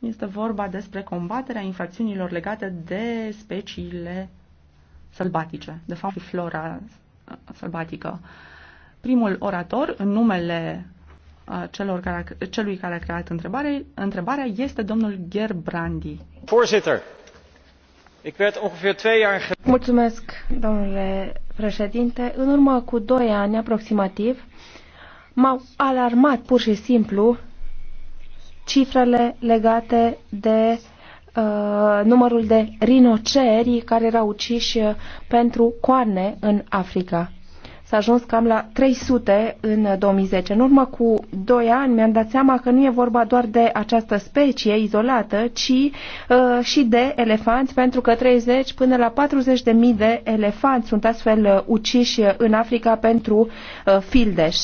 Este vorba despre combaterea infracțiunilor legate de speciile sălbatice, de fapt flora sălbatică. Primul orator, în numele celor care, celui care a creat întrebare, întrebarea, este domnul Gerbrandi. Voorzitter, ik werd ongeveer twee jaar Mulțumesc, domnule președinte. În urmă cu doi ani aproximativ, m-au alarmat pur și simplu cifrele legate de uh, numărul de rinoceri care erau uciși uh, pentru coarne în Africa. S-a ajuns cam la 300 în 2010. În urmă cu 2 ani mi-am dat seama că nu e vorba doar de această specie izolată, ci uh, și de elefanți, pentru că 30 până la 40 de mii de elefanți sunt astfel uh, uciși în Africa pentru uh, fildeș.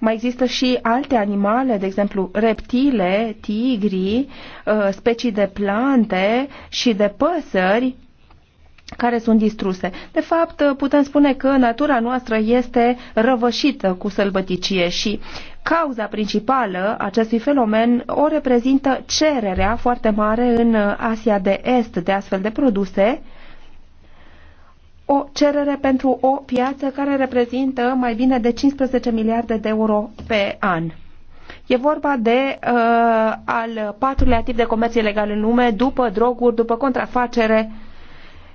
Mai există și alte animale, de exemplu reptile, tigri, uh, specii de plante și de păsări care sunt distruse. De fapt, uh, putem spune că natura noastră este răvășită cu sălbăticie și cauza principală acestui fenomen o reprezintă cererea foarte mare în uh, Asia de Est de astfel de produse, o cerere pentru o piață care reprezintă mai bine de 15 miliarde de euro pe an. E vorba de uh, al patrulea tip de comerț ilegal în lume, după droguri, după contrafacere, uh,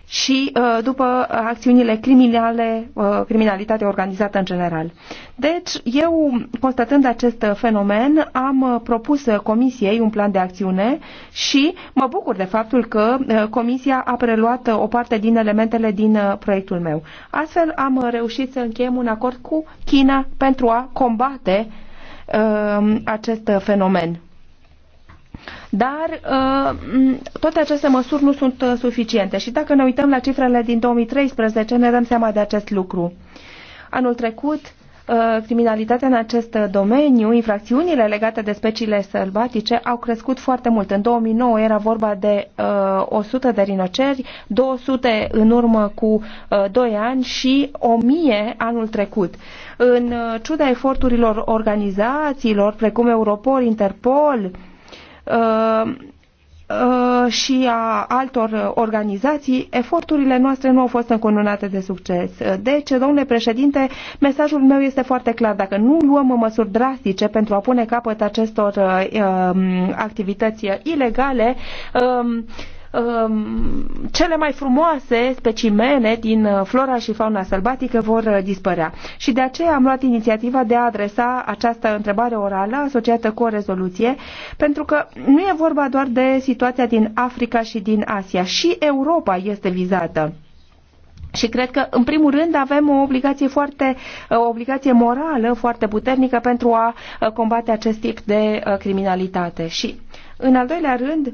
și uh, după acțiunile criminale, uh, criminalitatea organizată în general. Deci, eu, constatând acest fenomen, am uh, propus Comisiei un plan de acțiune și mă bucur de faptul că Comisia a preluat o parte din elementele din proiectul meu. Astfel, am reușit să încheiem un acord cu China pentru a combate uh, acest fenomen dar uh, toate aceste măsuri nu sunt uh, suficiente și dacă ne uităm la cifrele din 2013 ne dăm seama de acest lucru. Anul trecut, uh, criminalitatea în acest domeniu, infracțiunile legate de speciile sălbatice au crescut foarte mult. În 2009 era vorba de uh, 100 de rinoceri, 200 în urmă cu uh, 2 ani și 1000 anul trecut. În uh, ciuda eforturilor organizațiilor precum Europol, Interpol, uh, Uh, uh, și a altor organizații, eforturile noastre nu au fost încununate de succes. Uh, deci, domnule președinte, mesajul meu este foarte clar. Dacă nu luăm măsuri drastice pentru a pune capăt acestor uh, um, activități ilegale, uh, Um, cele mai frumoase specimene din uh, flora și fauna sălbatică vor uh, dispărea. Și de aceea am luat inițiativa de a adresa această întrebare orală asociată cu o rezoluție, pentru că nu e vorba doar de situația din Africa și din Asia. Și Europa este vizată. Și cred că, în primul rând, avem o obligație, foarte, uh, o obligație morală foarte puternică pentru a combate acest tip de criminalitate. Și, în al doilea rând,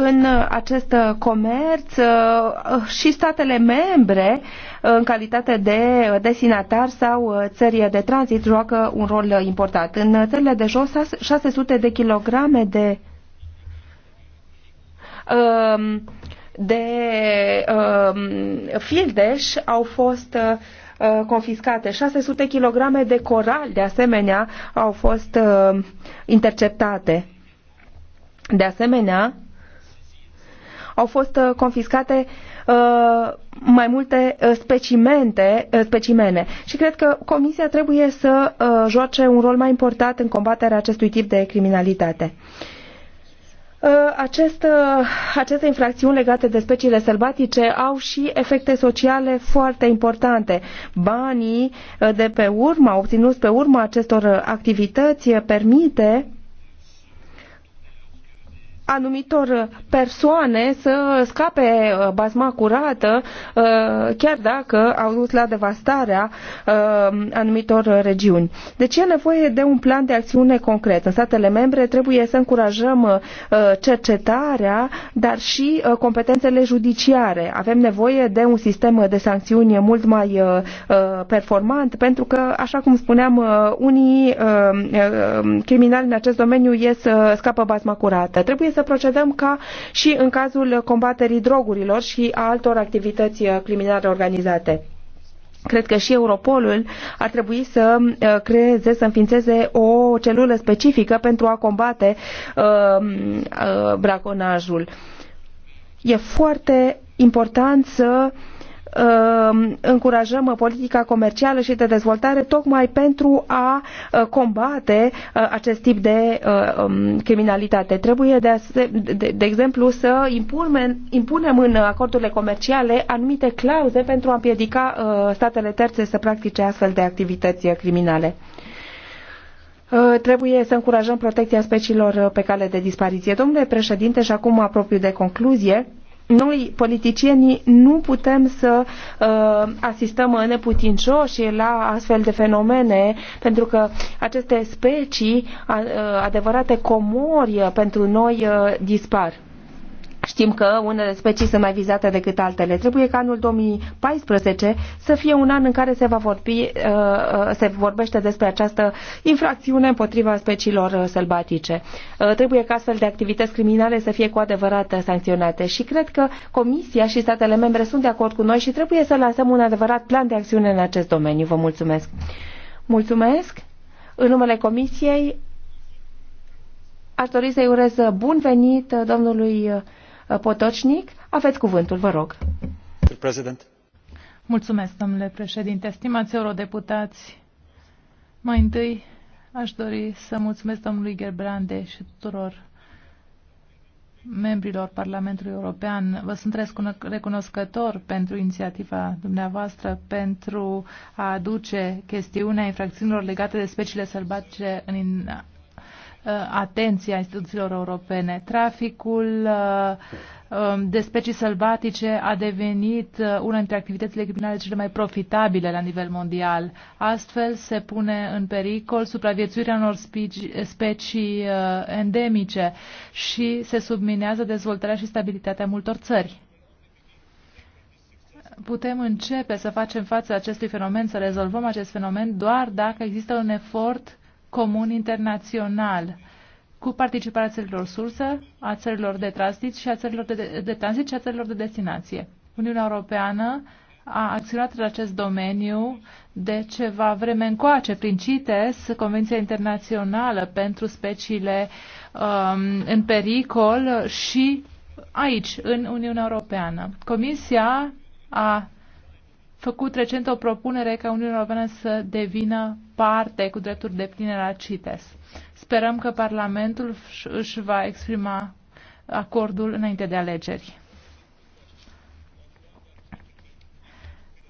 în acest comerț uh, și statele membre, uh, în calitate de destinatar sau uh, țări de tranzit, joacă un rol important. În țările de jos, 600 de kilograme de um, de um, fildeș au fost confiscate. 600 kg de coral, de asemenea, au fost interceptate. De asemenea, au fost uh, confiscate uh, mai multe uh, specimente, specimene. Și cred că Comisia trebuie să joace un rol mai important în combaterea acestui tip de criminalitate. Acest, aceste infracțiuni legate de speciile sălbatice au și efecte sociale foarte importante. Banii de pe urma, obținuți pe urma acestor activități, permite anumitor persoane să scape uh, bazma curată, uh, chiar dacă au dus la devastarea uh, anumitor regiuni. Deci e nevoie de un plan de acțiune concret. În statele membre trebuie să încurajăm cercetarea, dar și competențele judiciare. Avem nevoie de un sistem de sancțiuni mult mai performant, pentru că, așa cum spuneam, unii criminali în acest domeniu ies, scapă bazma curată. Trebuie să să procedăm ca și în cazul combaterii drogurilor și a altor activități uh, criminale organizate cred că și Europolul ar trebui să uh, creeze, să înființeze o celulă specifică pentru a combate uh, uh, braconajul. E foarte important să uh, Um, încurajăm politica comercială și de dezvoltare tocmai pentru a uh, combate uh, acest tip de uh, um, criminalitate. Trebuie, de, de, de exemplu, să impunem, impunem în acordurile comerciale anumite clauze pentru a împiedica statele terțe să practice astfel de activități criminale trebuie să încurajăm protecția speciilor pe cale de dispariție. Domnule președinte, și acum apropiu de concluzie, noi, politicienii, nu putem să uh, asistăm neputincioși la astfel de fenomene, pentru că aceste specii, uh, adevărate comori uh, pentru noi, uh, dispar. Știm că unele specii sunt mai vizate decât altele. Trebuie ca anul 2014 să fie un an în care se va vorbi, uh, uh, se vorbește despre această infracțiune împotriva speciilor uh, sălbatice. Trebuie ca astfel de activități criminale să fie cu adevărat sancționate și cred că Comisia și statele membre sunt de acord cu noi și trebuie să lansăm un adevărat plan de acțiune în acest domeniu. Vă mulțumesc! Mulțumesc! În numele Comisiei aș dori să-i urez bun venit domnului Potocnic. Aveți cuvântul, vă rog. President. Mulțumesc, domnule președinte. Stimați eurodeputați, mai întâi aș dori să mulțumesc domnului Gerbrande și tuturor membrilor Parlamentului European. Vă sunt recunoscător pentru inițiativa dumneavoastră pentru a aduce chestiunea infracțiunilor legate de speciile sălbatice în Uh, atenția instituțiilor europene. Traficul uh, um, de specii sălbatice a devenit uh, una dintre activitățile criminale cele mai profitabile la nivel mondial. Astfel se pune în pericol supraviețuirea unor specii endemice și se subminează dezvoltarea și stabilitatea multor țări putem începe să facem față acestui fenomen, să rezolvăm acest fenomen doar dacă există un efort comun internațional cu participarea țărilor sursă, a țărilor de tranzit și a țărilor de, de, de și a țărilor de destinație. Uniunea Europeană a acționat în acest domeniu de ceva vreme încoace prin CITES, Convenția Internațională pentru Speciile um, în Pericol și aici, în Uniunea Europeană. Comisia a făcut recent o propunere ca Uniunea Europeană să devină parte cu drepturi de pline la CITES. Sperăm că Parlamentul își va exprima acordul înainte de alegeri.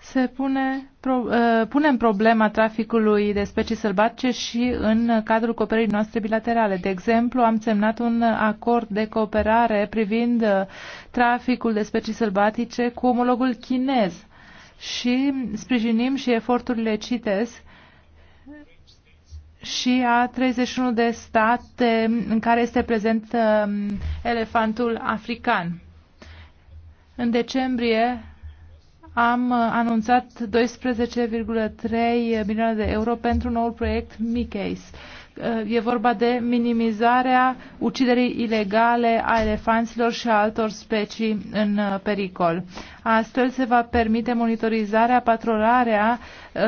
se pune, pro, uh, punem problema traficului de specii sălbatice și în cadrul cooperării noastre bilaterale. De exemplu, am semnat un acord de cooperare privind uh, traficul de specii sălbatice cu omologul chinez și sprijinim și eforturile CITES și a 31 de state în care este prezent um, elefantul african. În decembrie am anunțat 12,3 milioane de euro pentru noul proiect Mickey's. Eh, e vorba de minimizarea uciderii ilegale a elefanților și a altor specii în eh, pericol. Astfel se va permite monitorizarea, patrolarea eh,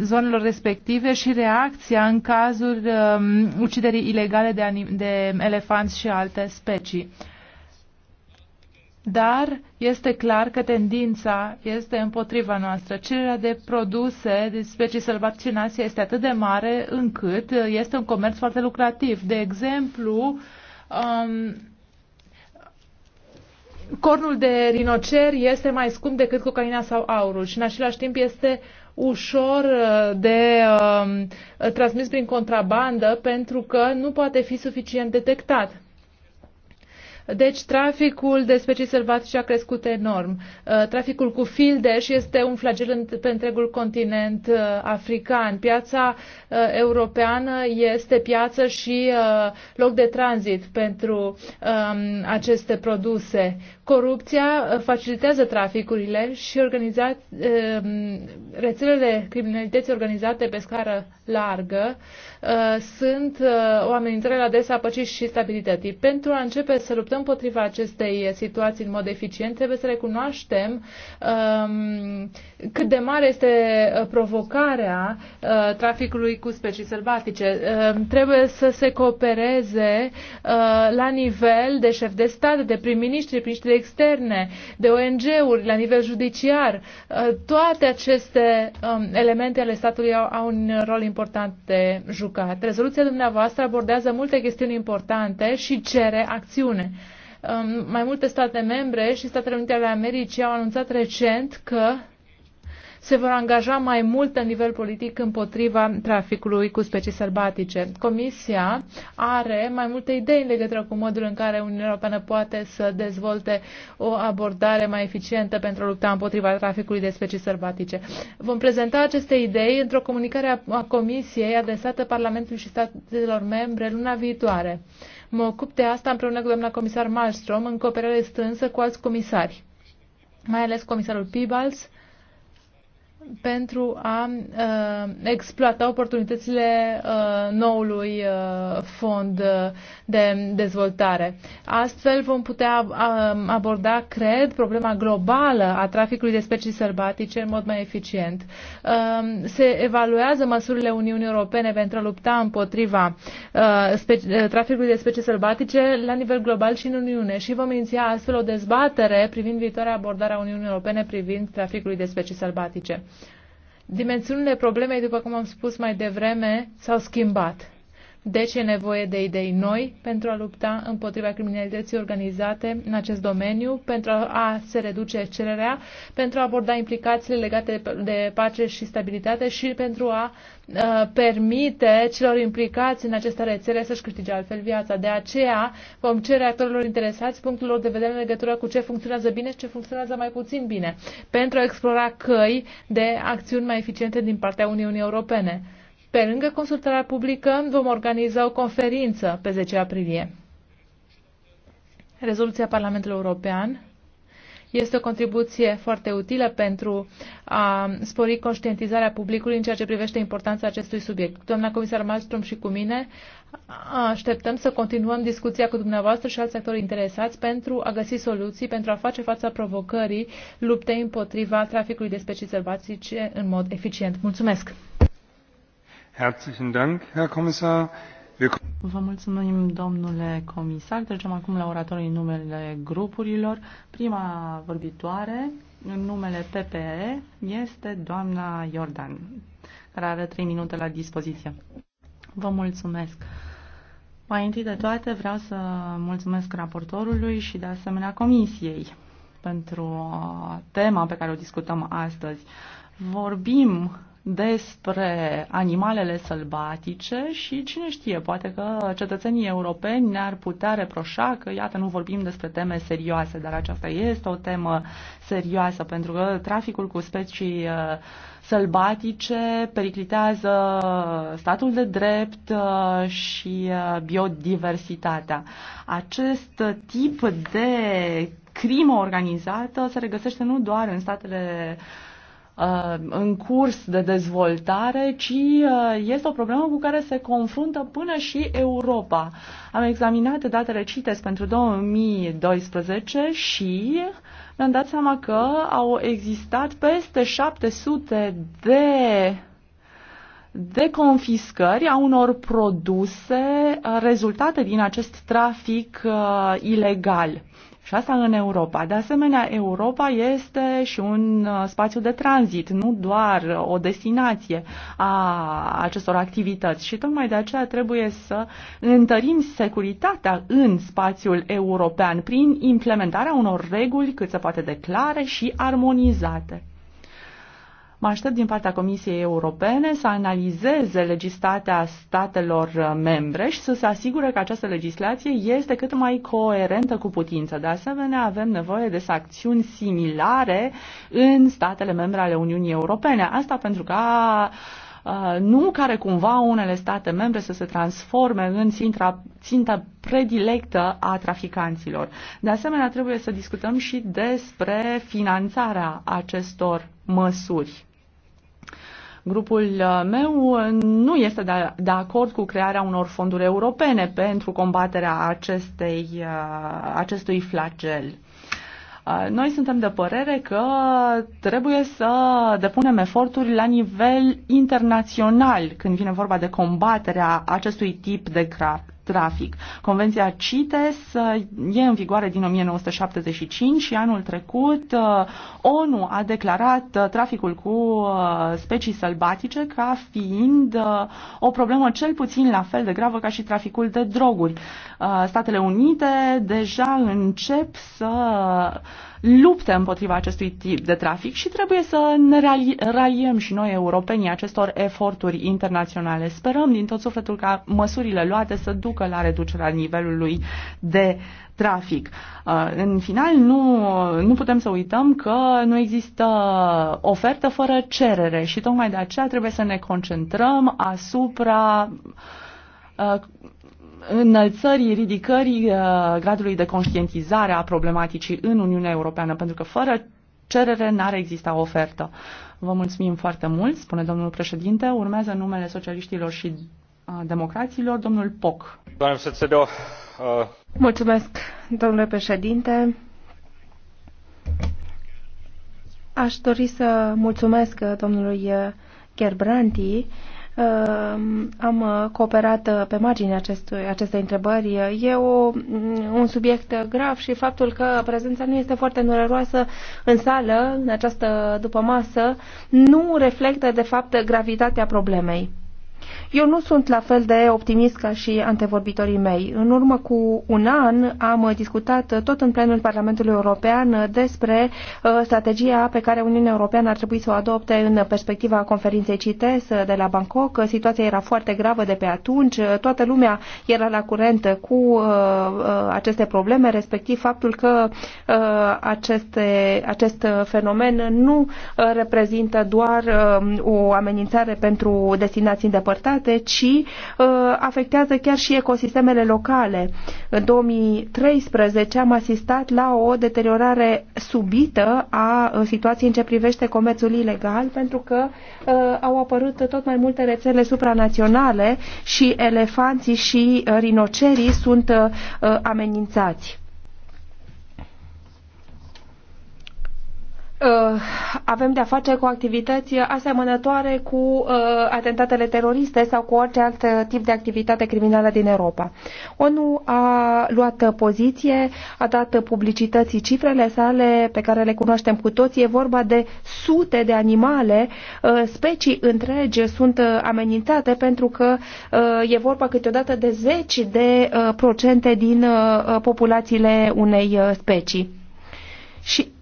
zonelor respective și reacția în cazul uciderii ilegale de, de elefanți și alte specii dar este clar că tendința este împotriva noastră. Cererea de produse de specii sălbatice în Asia este atât de mare încât uh, este un comerț foarte lucrativ. De exemplu, um, cornul de rinocer este mai scump decât cocaina sau aurul și în același timp este ușor uh, de uh, transmis prin contrabandă pentru că nu poate fi suficient detectat. Deci traficul de specii sălbatice a crescut enorm. Uh, traficul cu fildeș este un flagel pe întregul continent uh, african. Piața uh, europeană este piață și loc de tranzit pentru um, aceste produse. Corupția uh, facilitează traficurile și um, rețelele criminalității organizate pe scară largă uh, sunt uh, o amenințare la adresa păcii și stabilității. Pentru a începe să luptăm împotriva acestei situații în mod eficient, trebuie să recunoaștem um, cât de mare este uh, provocarea uh, traficului cu specii sălbatice. Uh, trebuie să se coopereze la nivel de șef de stat, de prim-ministri, prim-ministri externe, de ONG-uri, la nivel judiciar. Toate aceste um, elemente ale statului au, au un rol important de jucat. Rezoluția dumneavoastră abordează multe chestiuni importante și cere acțiune um, mai multe state membre și Statele Unite ale Americii au anunțat recent că se vor angaja mai mult la nivel politic împotriva traficului cu specii sălbatice. Comisia are mai multe idei în legătură cu modul în care Uniunea Europeană poate să dezvolte o abordare mai eficientă pentru a lupta împotriva traficului de specii sălbatice. Vom prezenta aceste idei într-o comunicare a Comisiei adresată Parlamentului și statelor membre luna viitoare. Mă ocup de asta împreună cu doamna comisar Malmström în cooperare strânsă cu alți comisari, mai ales comisarul Pibals, pentru a uh, exploata oportunitățile uh, noului uh, fond de dezvoltare. Astfel vom putea uh, aborda, cred, problema globală a traficului de specii sălbatice în mod mai eficient. Uh, se evaluează măsurile Uniunii Europene pentru a lupta împotriva uh, uh traficului de specii sălbatice la nivel global și în Uniune și vom iniția astfel o dezbatere privind viitoarea abordare a Uniunii Europene privind traficului de specii sălbatice. Dimensiunile problemei, după cum am spus mai devreme, s-au schimbat ce e nevoie de idei noi pentru a lupta împotriva criminalității organizate în acest domeniu, pentru a se reduce cererea, pentru a aborda implicațiile legate de pace și stabilitate și pentru a uh, permite celor implicați în aceste rețele să-și câștige altfel viața. De aceea vom cere actorilor interesați punctul lor de vedere în legătură cu ce funcționează bine și ce funcționează mai puțin bine, pentru a explora căi de acțiuni mai eficiente din partea Uniunii Europene. Pe lângă consultarea publică, vom organiza o conferință pe 10 aprilie. Rezoluția Parlamentului European este o contribuție foarte utilă pentru a spori conștientizarea publicului în ceea ce privește importanța acestui subiect. Doamna comisar Malmström și cu mine așteptăm să continuăm discuția cu dumneavoastră și alți actori interesați pentru a găsi soluții pentru a face fața provocării luptei împotriva traficului de specii sălbatice în mod eficient. Mulțumesc! Herzlichen Dank, Herr Kommissar. Vă mulțumim, domnule comisar. Trecem acum la oratorii în numele grupurilor. Prima vorbitoare, în numele PPE, este doamna Jordan, care are trei minute la dispoziție. Vă mulțumesc. Mai întâi de toate vreau să mulțumesc raportorului și de asemenea comisiei pentru tema pe care o discutăm astăzi. Vorbim despre animalele sălbatice și cine știe, poate că cetățenii europeni ne-ar putea reproșa că, iată, nu vorbim despre teme serioase, dar aceasta este o temă serioasă, pentru că traficul cu specii uh, sălbatice periclitează statul de drept uh, și uh, biodiversitatea. Acest tip de crimă organizată se regăsește nu doar în statele Uh, în curs de dezvoltare, ci uh, este o problemă cu care se confruntă până și Europa. Am examinat datele CITES pentru 2012 și mi-am dat seama că au existat peste 700 de de confiscări a unor produse uh, rezultate din acest trafic uh, ilegal. Și asta în Europa. De asemenea, Europa este și un uh, spațiu de tranzit, nu doar o destinație a acestor activități. Și tocmai de aceea trebuie să întărim securitatea în spațiul european prin implementarea unor reguli cât se poate declare și armonizate. Mă aștept din partea Comisiei Europene să analizeze legislația statelor uh, membre și să se asigure că această legislație este cât mai coerentă cu putință. De asemenea, avem nevoie de sancțiuni similare în statele membre ale Uniunii Europene. Asta pentru că uh, nu care cumva unele state membre să se transforme în țintra, ținta predilectă a traficanților. De asemenea, trebuie să discutăm și despre finanțarea acestor măsuri. Grupul uh, meu uh, nu este de, de acord cu crearea unor fonduri europene pentru combaterea acestei, uh, acestui flagel. Noi suntem de părere că trebuie să depunem eforturi la nivel internațional când vine vorba de combaterea acestui tip de trafic. Convenția CITES uh, e în vigoare din 1975 și anul trecut uh, ONU a declarat uh, traficul cu specii sălbatice ca fiind o problemă cel puțin la fel de gravă ca și traficul de droguri. Statele Unite deja încep să lupte împotriva acestui tip de trafic și trebuie să ne raliem și noi europenii acestor eforturi internaționale. Sperăm din tot sufletul ca măsurile luate să ducă la reducerea nivelului de trafic. Uh, în final, nu, nu putem să uităm că nu există ofertă fără cerere și tocmai de aceea trebuie să ne concentrăm asupra uh, înălțării, ridicării uh, gradului de conștientizare a problematicii în Uniunea Europeană, pentru că fără cerere n-ar exista ofertă. Vă mulțumim foarte mult, spune domnul președinte. Urmează numele socialiștilor și uh, democraților, domnul Poc. Uh, mulțumesc, domnule președinte. Aș dori să mulțumesc domnului Gerbranti Ehm, am uh, cooperat uh, pe marginea acestei întrebări. E o, mm, un subiect grav și faptul că prezența nu este foarte numeroasă în sală, în această dupămasă, nu reflectă, de fapt, gravitatea problemei. Eu nu sunt la fel de optimist ca și antevorbitorii mei. În urmă cu un an am discutat tot în plenul Parlamentului European despre uh, strategia pe care Uniunea Europeană ar trebui să o adopte în perspectiva conferinței CITES de la Bangkok. Situația era foarte gravă de pe atunci. Toată lumea era la curent cu uh, uh, aceste probleme, respectiv faptul că aceste, acest fenomen nu reprezintă doar um, o amenințare pentru destinații îndepărtate, îndepărtate, ci uh, afectează chiar și ecosistemele locale. În 2013 am asistat la o deteriorare subită a uh, situației în ce privește comerțul ilegal, pentru că uh, au apărut tot mai multe rețele supranaționale și elefanții și uh, rinocerii sunt uh, uh amenințați. Uh, avem de-a face cu activități asemănătoare cu uh, atentatele teroriste sau cu orice alt uh, tip de activitate criminală din Europa. ONU a luat poziție, a dat publicității cifrele sale pe care le cunoaștem cu toții. E vorba de sute de animale, specii întregi sunt amenințate pentru că e vorba câteodată de zeci de procente din populațiile unei specii. Și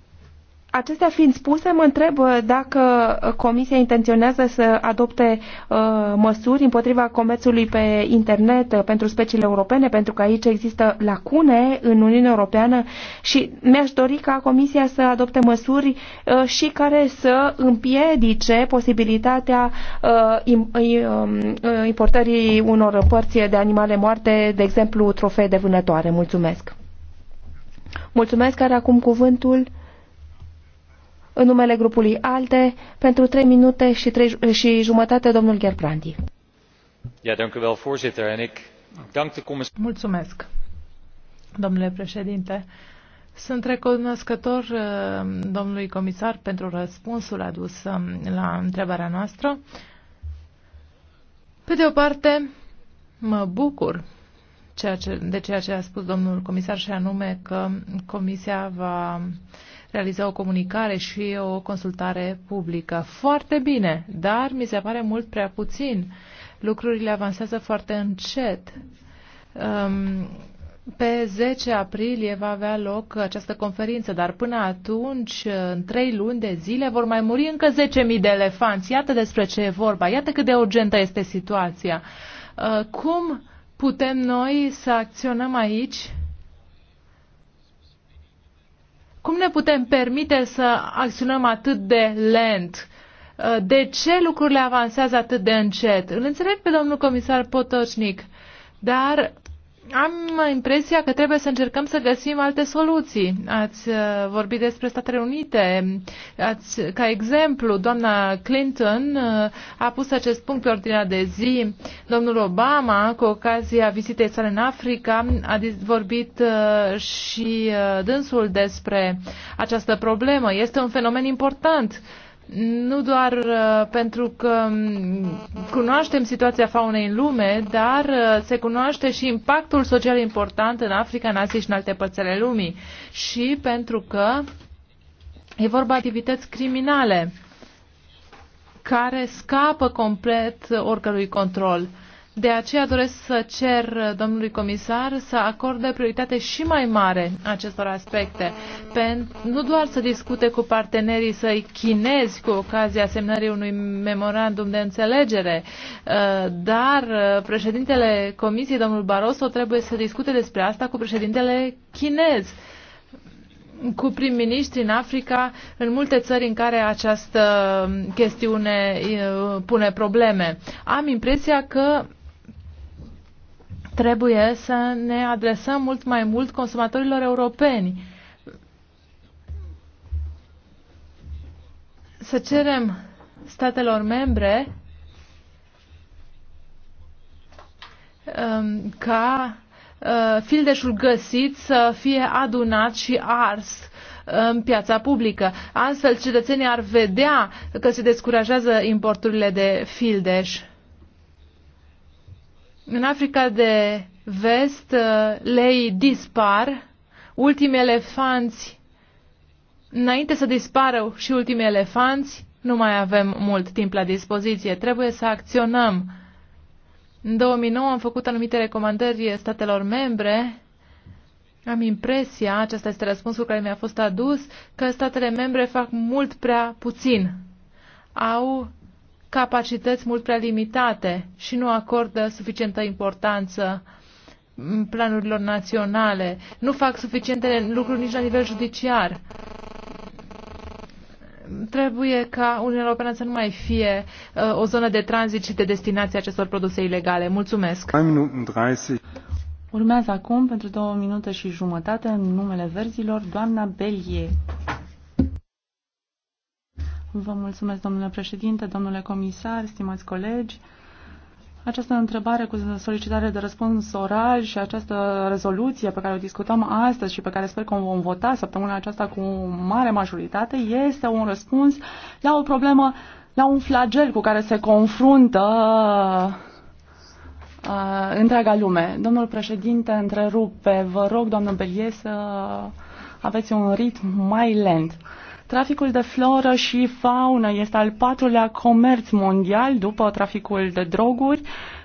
Acestea fiind spuse, mă întreb uh, dacă uh, Comisia intenționează să adopte uh, măsuri împotriva comerțului pe internet uh, pentru speciile europene, pentru că aici există lacune în Uniunea Europeană și mi-aș dori ca Comisia să adopte măsuri uh, și care să împiedice posibilitatea uh, um, importării unor părți de animale moarte, de exemplu trofee de vânătoare. Mulțumesc! Mulțumesc, care acum cuvântul în numele grupului ALDE, pentru 3 minute și, 3, și jumătate, domnul Gerbrandi. Mulțumesc, domnule președinte. Sunt recunoscător uh, domnului comisar pentru răspunsul adus um, la întrebarea noastră. Pe de o parte, mă bucur ceea ce, de ceea ce a spus domnul comisar și anume că Comisia va realiza o comunicare și o consultare publică. Foarte bine, dar mi se pare mult prea puțin. Lucrurile avansează foarte încet. Um, pe 10 aprilie va avea loc această conferință, dar până atunci, în trei luni de zile, vor mai muri încă 10.000 de elefanți. Iată despre ce e vorba, iată cât de urgentă este situația. Uh, cum putem noi să acționăm aici cum ne putem permite să acționăm atât de lent? Uh, de ce lucrurile avansează atât de încet? Îl înțeleg pe domnul comisar Potocnic, dar am impresia că trebuie să încercăm să găsim alte soluții. Ați uh, vorbit despre Statele Unite. Ați, ca exemplu, doamna Clinton uh, a pus acest punct pe ordinea de zi. Domnul Obama, cu ocazia vizitei sale în Africa, a vorbit uh, și dânsul despre această problemă. Este un fenomen important nu doar uh, pentru că mm, cunoaștem situația faunei în lume, dar uh, se cunoaște și impactul social important în Africa, în Asia și în alte părți ale lumii. Și pentru că e vorba de activități criminale care scapă complet oricărui control. De aceea doresc să cer domnului comisar să acorde prioritate și mai mare acestor aspecte, pentru nu doar să discute cu partenerii săi chinezi cu ocazia semnării unui memorandum de înțelegere, uh, dar uh, președintele comisiei, domnul Barroso, trebuie să discute despre asta cu președintele chinez cu prim-ministri în Africa, în multe țări în care această chestiune uh, pune probleme. Am impresia că Trebuie să ne adresăm mult mai mult consumatorilor europeni. Să cerem statelor membre um, ca uh, fildeșul găsit să fie adunat și ars în piața publică. Astfel, cetățenii ar vedea că se descurajează importurile de fildeș. În Africa de Vest, uh, lei dispar, ultimii elefanți, înainte să dispară și ultimii elefanți, nu mai avem mult timp la dispoziție. Trebuie să acționăm. În 2009 am făcut anumite recomandări statelor membre. Am impresia, acesta este răspunsul care mi-a fost adus, că statele membre fac mult prea puțin. Au capacități mult prea limitate și nu acordă suficientă importanță mm, planurilor naționale, nu fac suficiente lucruri nici la nivel judiciar. Trebuie ca Uniunea Europeană să nu mai fie uh, o zonă de tranzit și de destinație acestor produse ilegale. Mulțumesc! Urmează acum, pentru două minute și jumătate, în numele verzilor, doamna Belie. Vă mulțumesc, domnule președinte, domnule comisar, stimați colegi. Această întrebare cu solicitare de răspuns oral și această rezoluție pe care o discutăm astăzi și pe care sper că o vom vota săptămâna aceasta cu mare majoritate este un răspuns la o problemă, la un flagel cu care se confruntă uh, întreaga lume. Domnul președinte, întrerupe, vă rog, doamnă Belie, să aveți un ritm mai lent. Uh, Traficul de floră și faună este al patrulea comerț mondial după traficul de droguri,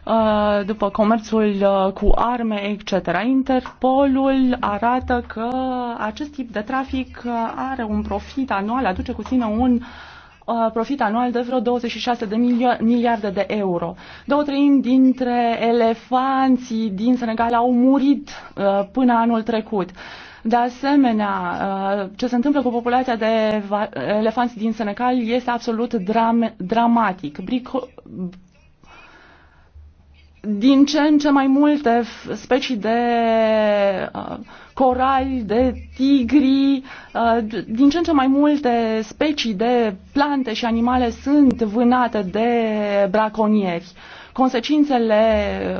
uh, după comerțul uh, cu arme, etc. Interpolul arată că acest tip de trafic uh, are un profit anual, aduce cu sine un profit anual de vreo 26 de miliarde de euro. Două treimi dintre elefanții din Senegal au murit până anul trecut. De asemenea, uh, ce se întâmplă cu populația de elefanți din Senegal este absolut dram- dramatic. Brico- din ce în ce mai multe specii de uh, corali, de tigri, uh, din ce în ce mai multe specii de plante și animale sunt vânate de braconieri consecințele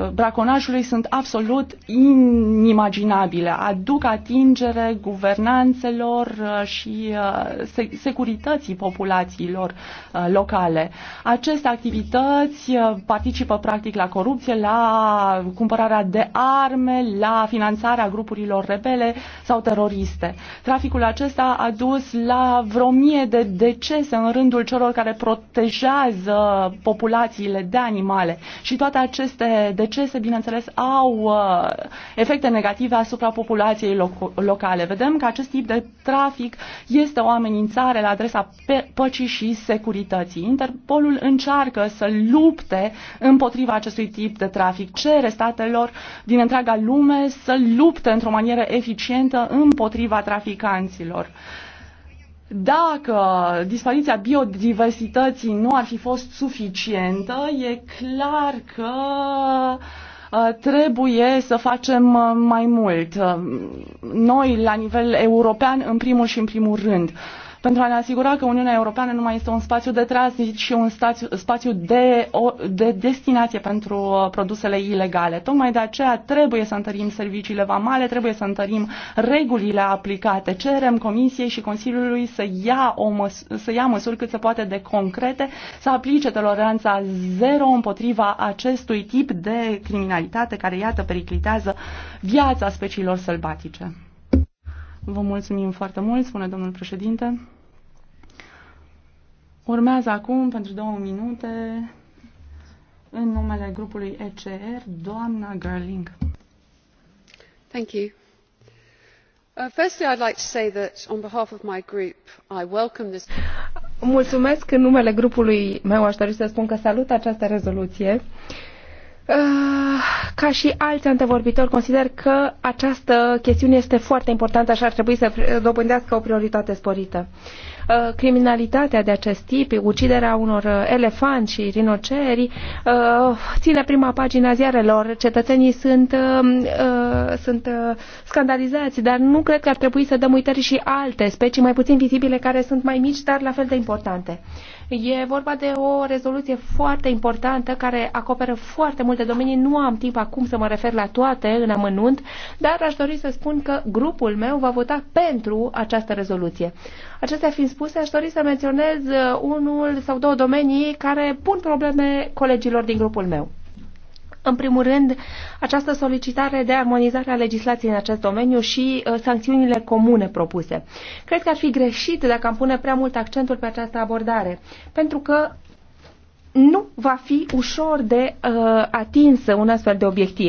uh, braconajului sunt absolut inimaginabile. Aduc atingere guvernanțelor uh, și uh, securității populațiilor locale. Aceste activități participă practic la corupție, la cumpărarea de arme, la finanțarea grupurilor rebele sau teroriste. Traficul acesta a dus la vreo mie de decese în rândul celor care protejează populațiile de animale. Și toate aceste decese, bineînțeles, au uh, efecte negative asupra populației locale. Vedem că acest tip de trafic este o amenințare la adresa păcii și securității. Interpolul încearcă să lupte împotriva acestui tip de trafic, cere statelor din întreaga lume să lupte într-o manieră eficientă împotriva traficanților. Uh, dacă dispariția biodiversității nu ar fi fost suficientă, e clar că uh, trebuie să facem uh, mai mult. Uh, noi, la nivel european, în primul și în primul rând pentru a ne asigura că Uniunea Europeană nu mai este un spațiu de tranzit, ci un stațiu, spațiu de, o, de destinație pentru uh, produsele ilegale. Tocmai de aceea trebuie să întărim serviciile vamale, trebuie să întărim regulile aplicate. Cerem Comisiei și Consiliului să ia, o măs- să ia măsuri cât se poate de concrete, să aplice toleranța zero împotriva acestui tip de criminalitate care, iată, periclitează viața speciilor sălbatice. Vă mulțumim foarte mult, spune domnul președinte. Urmează acum, pentru două minute, în numele grupului ECR, doamna Gerling. Thank you. Uh, firstly, I'd like to say that on behalf of my group, I welcome this. Mulțumesc în numele grupului meu, aș dori să spun că salut această rezoluție. Uh, Ah, ca și alți antevorbitori, consider că această chestiune este foarte importantă și ar trebui să dobândească o prioritate sporită. Ah, criminalitatea de acest tip, uciderea unor elefanți și rinoceri, ah, ține prima pagina ziarelor. Cetățenii sunt, sunt scandalizați, dar nu cred că ar trebui să dăm uitării și alte specii mai puțin vizibile care sunt mai mici, dar la fel de importante. E vorba de o rezoluție foarte importantă care acoperă foarte multe domenii. Nu am timp acum să mă refer la toate în amănunt, dar aș dori să spun că grupul meu va vota pentru această rezoluție. Acestea fiind spuse, aș dori să menționez uh, unul sau două domenii care pun probleme colegilor din grupul meu. În primul rând, această solicitare de armonizare a legislației în acest domeniu și uh, sancțiunile comune propuse. Cred că ar fi greșit dacă am pune prea mult accentul pe această abordare, pentru că nu va fi ușor de uh, atins un astfel de obiectiv.